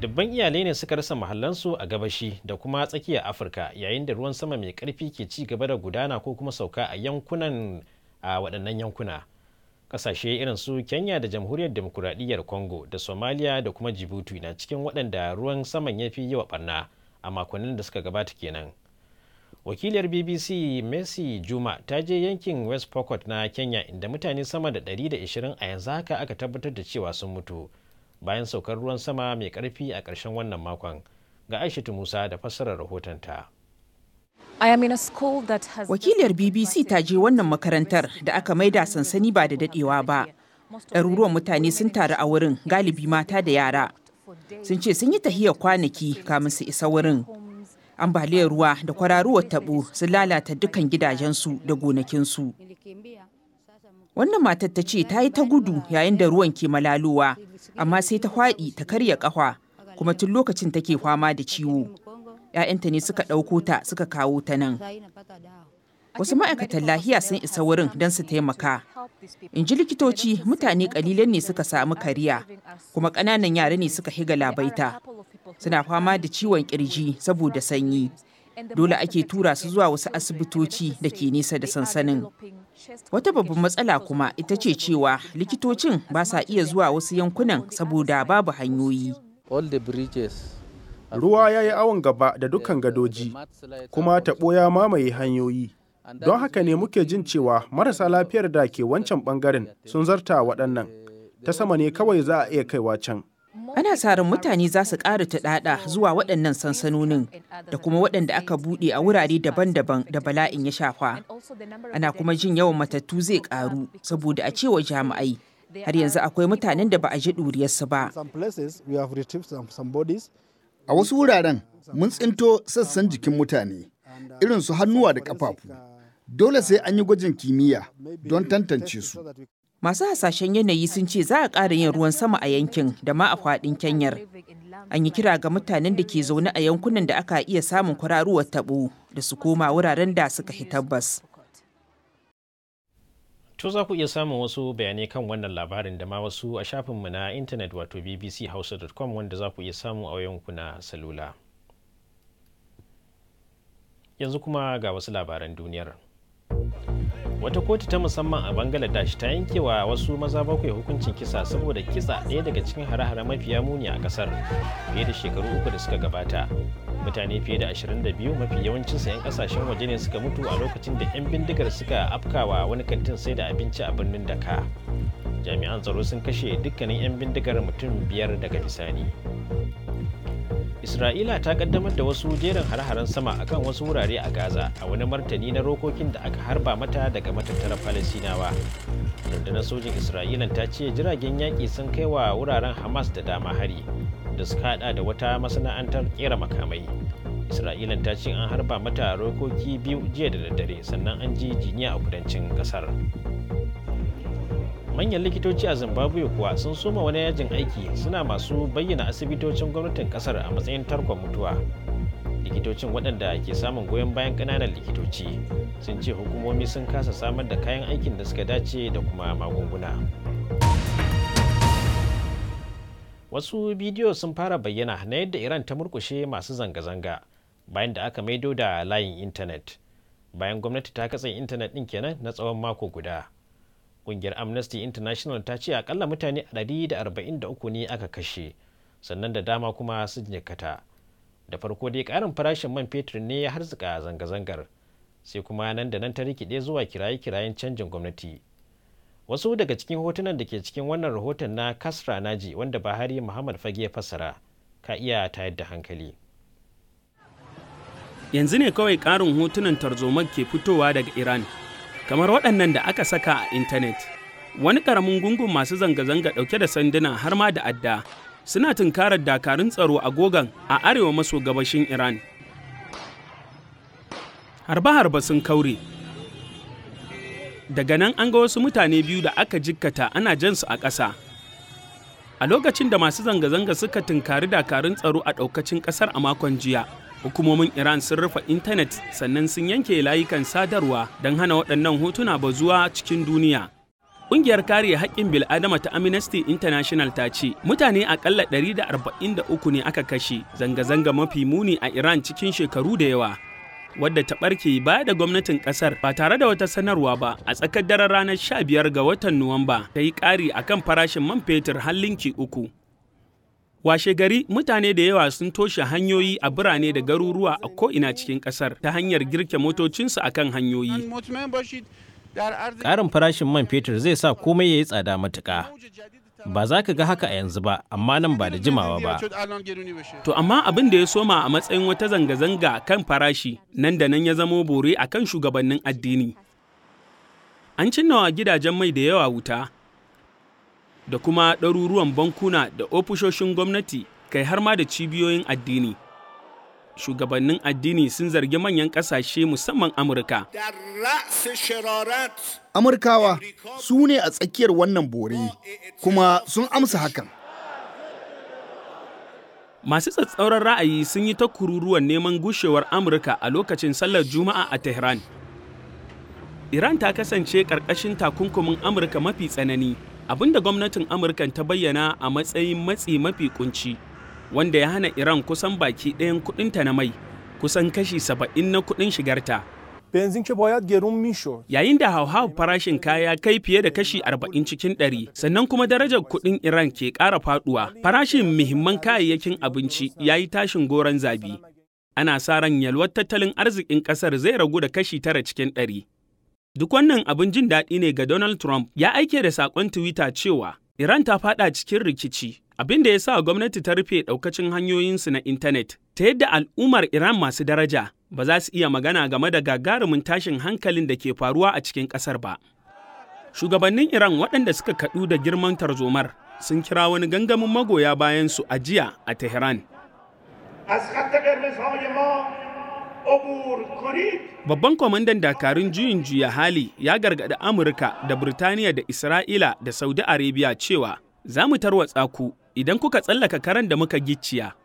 dubban iyalai ne suka rasa mahallansu a gabashi da kuma tsakiyar afirka yayin da ruwan sama mai karfi ke ci gaba da gudana ko kuma sauka a yankunan a waɗannan yankuna ƙasashe irin su kenya da jamhuriyar demokuraɗiyyar congo da somalia da kuma djibouti na cikin waɗanda ruwan saman ya fi yawa ɓarna a makonnin da suka gabata kenan wakiliyar bbc messi juma ta je yankin west pocket na kenya inda mutane sama da 120 a yanzu haka aka tabbatar da cewa sun mutu bayan saukar ruwan sama mai karfi a ƙarshen wannan makon ga aishatu musa da fassarar rahotonta wakiliyar bbc ta je wannan makarantar da aka maida sansani ba da dadewa ba ɗaruruwan mutane sun taru a wurin galibi mata da yara sun ce sun yi tahiyar kwanaki kamin su isa wurin ambaliyar ruwa da um, kwararuwar taɓo sun lalata dukkan gidajensu da gonakinsu Wannan matar ta ce ta yi ta gudu yayin da ruwan ke malalowa, amma sai ta faɗi ta karya ƙafa kuma tun lokacin take fama da ciwo. 'Ya'yanta ne suka ɗauko ta suka kawo ta nan. Wasu ma'aikatan lahiya sun isa wurin don su taimaka. In ji likitoci mutane ƙalilan ne suka samu kariya, kuma ƙananan yara ne suka higa labaita. Suna fama da ciwon ƙirji saboda sanyi. Dole ake tura su zuwa wasu asibitoci da ke nesa da sansanin. Wata babban matsala kuma ita ce cewa likitocin ba sa iya zuwa wasu yankunan saboda babu hanyoyi. Ruwa ya yi awon gaba da dukkan gadoji, kuma taɓo ya mamaye hanyoyi. Don haka ne muke jin cewa marasa lafiyar da ke wancan ɓangaren sun zarta waɗannan, ta sama ne kawai za a iya kaiwa can. Ana tsarin mutane za su ƙara taɗaɗa zuwa waɗannan sansanonin da kuma waɗanda aka buɗe a wurare daban-daban da bala'in ya shafa. Ana kuma jin yawan matattu zai ƙaru saboda a cewa jami'ai har yanzu akwai mutanen da ba a ji ɗuriyarsu ba. A wasu wuraren mun tsinto sassan jikin mutane irin su hannuwa da ƙafafu. Dole sai an yi gwajin kimiyya don tantance su. Masu hasashen yanayi sun ce za a ƙara yin ruwan sama a yankin da ma a faɗin Kenyar. An yi kira ga mutanen da ke zaune a yankunan da aka iya samun kwararruwar taɓo da su koma wuraren da suka hi tabbas. To za ku iya samun wasu bayanai kan wannan labarin da ma wasu a shafin mu na intanet wato bbchausa.com wanda za ku iya samu a wayanku na salula. Yanzu kuma ga wasu labaran duniyar. wata kotu ta musamman a bangladesh ta yankewa wasu maza bakwai hukuncin kisa saboda kisa ɗaya daga cikin hare-hare mafiya muni a kasar fiye da shekaru uku da suka gabata mutane fiye da 22 mafi yawancin 'yan kasashen waje ne suka mutu a lokacin da 'yan bindigar suka afkawa wani kantin sai da abinci a birnin daka jami'an tsaro sun kashe dukkanin 'yan bindigar mutum biyar daga bisani isra'ila ta kaddamar da wasu jerin har-haren sama akan wasu wurare a gaza a wani martani na rokokin da aka harba mata daga matattara falasinawa rundunar sojin isra'ila ta ce jiragen yaƙi sun kai wa wuraren hamas da dama hari da suka hada da wata masana'antar kera makamai isra'ila ta ce an harba mata rokoki biyu jiya da daddare sannan an ji jiniya a kudancin kasar manyan likitoci a zimbabwe kuwa sun soma wani yajin aiki suna masu bayyana asibitocin gwamnatin kasar a matsayin tarkon mutuwa likitocin waɗanda ke samun goyon bayan ƙananan likitoci sun ce hukumomi sun kasa samar da kayan aikin da suka dace da kuma magunguna wasu bidiyo sun fara bayyana na yadda iran ta murkushe masu zanga-zanga bayan da aka maido da layin intanet bayan gwamnati ta katse intanet ɗin kenan na tsawon mako guda Ƙungiyar Amnesty International ta ce akalla mutane 143 ne aka kashe, sannan da dama kuma sun jikkata. Da farko dai karin farashin man fetur ne ya harzika zanga-zangar, sai kuma nan da nan ta rikide zuwa kiraye-kirayen canjin gwamnati. Wasu daga cikin hotunan da ke cikin wannan rahoton na Kasra Naji wanda bahari Muhammad Fage fasara fassara ka iya tayar da hankali. Yanzu ne kawai ƙarin hotunan tarzoma ke fitowa daga Iran. kamar waɗannan da aka saka a intanet wani ƙaramin gungun masu zanga-zanga ɗauke da sanduna har ma da adda suna tunkarar dakarun tsaro a gogan a arewa maso gabashin iran harba-harba sun kaure daga nan an ga wasu mutane biyu da aka jikkata ana jan su a ƙasa a lokacin da masu zanga-zanga suka tunkari dakarun tsaro a ɗaukacin ƙasar a makon jiya hukumomin iran sun rufe intanet sannan sun yanke layukan sadarwa don hana waɗannan hotuna ba zuwa cikin duniya Ƙungiyar kare haƙƙin bil'adama ta Amnesty International ta ce mutane aƙalla 143 ne aka kashe zanga-zanga mafi muni a Iran cikin shekaru da yawa. Wadda ta ɓarke baya da gwamnatin ƙasar ba tare da wata sanarwa ba a tsakar daren ranar 15 ga watan Nuwamba ta yi ƙari akan farashin man fetur har linki uku. Washe gari mutane da yawa sun toshe hanyoyi a birane da garuruwa a ko'ina cikin ƙasar, ta hanyar girke motocinsu akan hanyoyi. Ƙarin farashin man fetur zai sa komai ya yi tsada matuka. Ba za ka ga haka a yanzu ba, amma nan ba da jimawa ba. To amma abin da ya soma a matsayin wata zanga-zanga kan farashi nan da nan ya zamo bore a kan shugabannin addini. An cinnawa gidajen mai da yawa wuta, da kuma ɗaruruwan bankuna da ofishoshin gwamnati kai har ma da cibiyoyin addini. Shugabannin addini sun zargi manyan ƙasashe musamman Amurka. Amurkawa su ne a tsakiyar wannan bore kuma sun amsa hakan. Masu tsatsauran ra'ayi sun yi ta kururuwan neman gushewar Amurka a lokacin sallar Juma'a a Tehran. Iran ta kasance ƙarƙashin takunkumin Amurka mafi tsanani. Abin da gwamnatin amurka ta bayyana a matsayin matsi mafi kunci wanda ya hana iran kusan baki ɗayan kudinta na mai kusan kashi saba'in na kudin shigarta yayin da hauhawar farashin kaya kai fiye da kashi arba'in cikin ɗari, sannan kuma darajar kudin iran ke ƙara faduwa farashin muhimman kayayyakin abinci ya yi tashin goron zabi ana sa ran yalwar tattalin arzikin ƙasar zai ragu da kashi tara cikin ɗari Duk wannan abin jin daɗi ne ga Donald Trump ya aike da saƙon Twitter cewa Iran ta faɗa cikin rikici, abin da ya sa gwamnati ta rufe ɗaukacin hanyoyinsu na intanet, ta yadda al'ummar Iran masu daraja ba za su iya magana game da gagarumin tashin hankalin da ke faruwa a cikin ƙasar ba. Shugabannin Iran waɗanda suka kaɗu da girman tarzomar sun kira wani gangamin magoya bayansu a jiya a Tehran. Babban kwamandan dakarun juyin juya hali ya gargaɗi Amurka da Birtaniya da Isra'ila da Saudi Arabia cewa za mu tarwatsa ku idan kuka tsallaka karan da muka gicciya.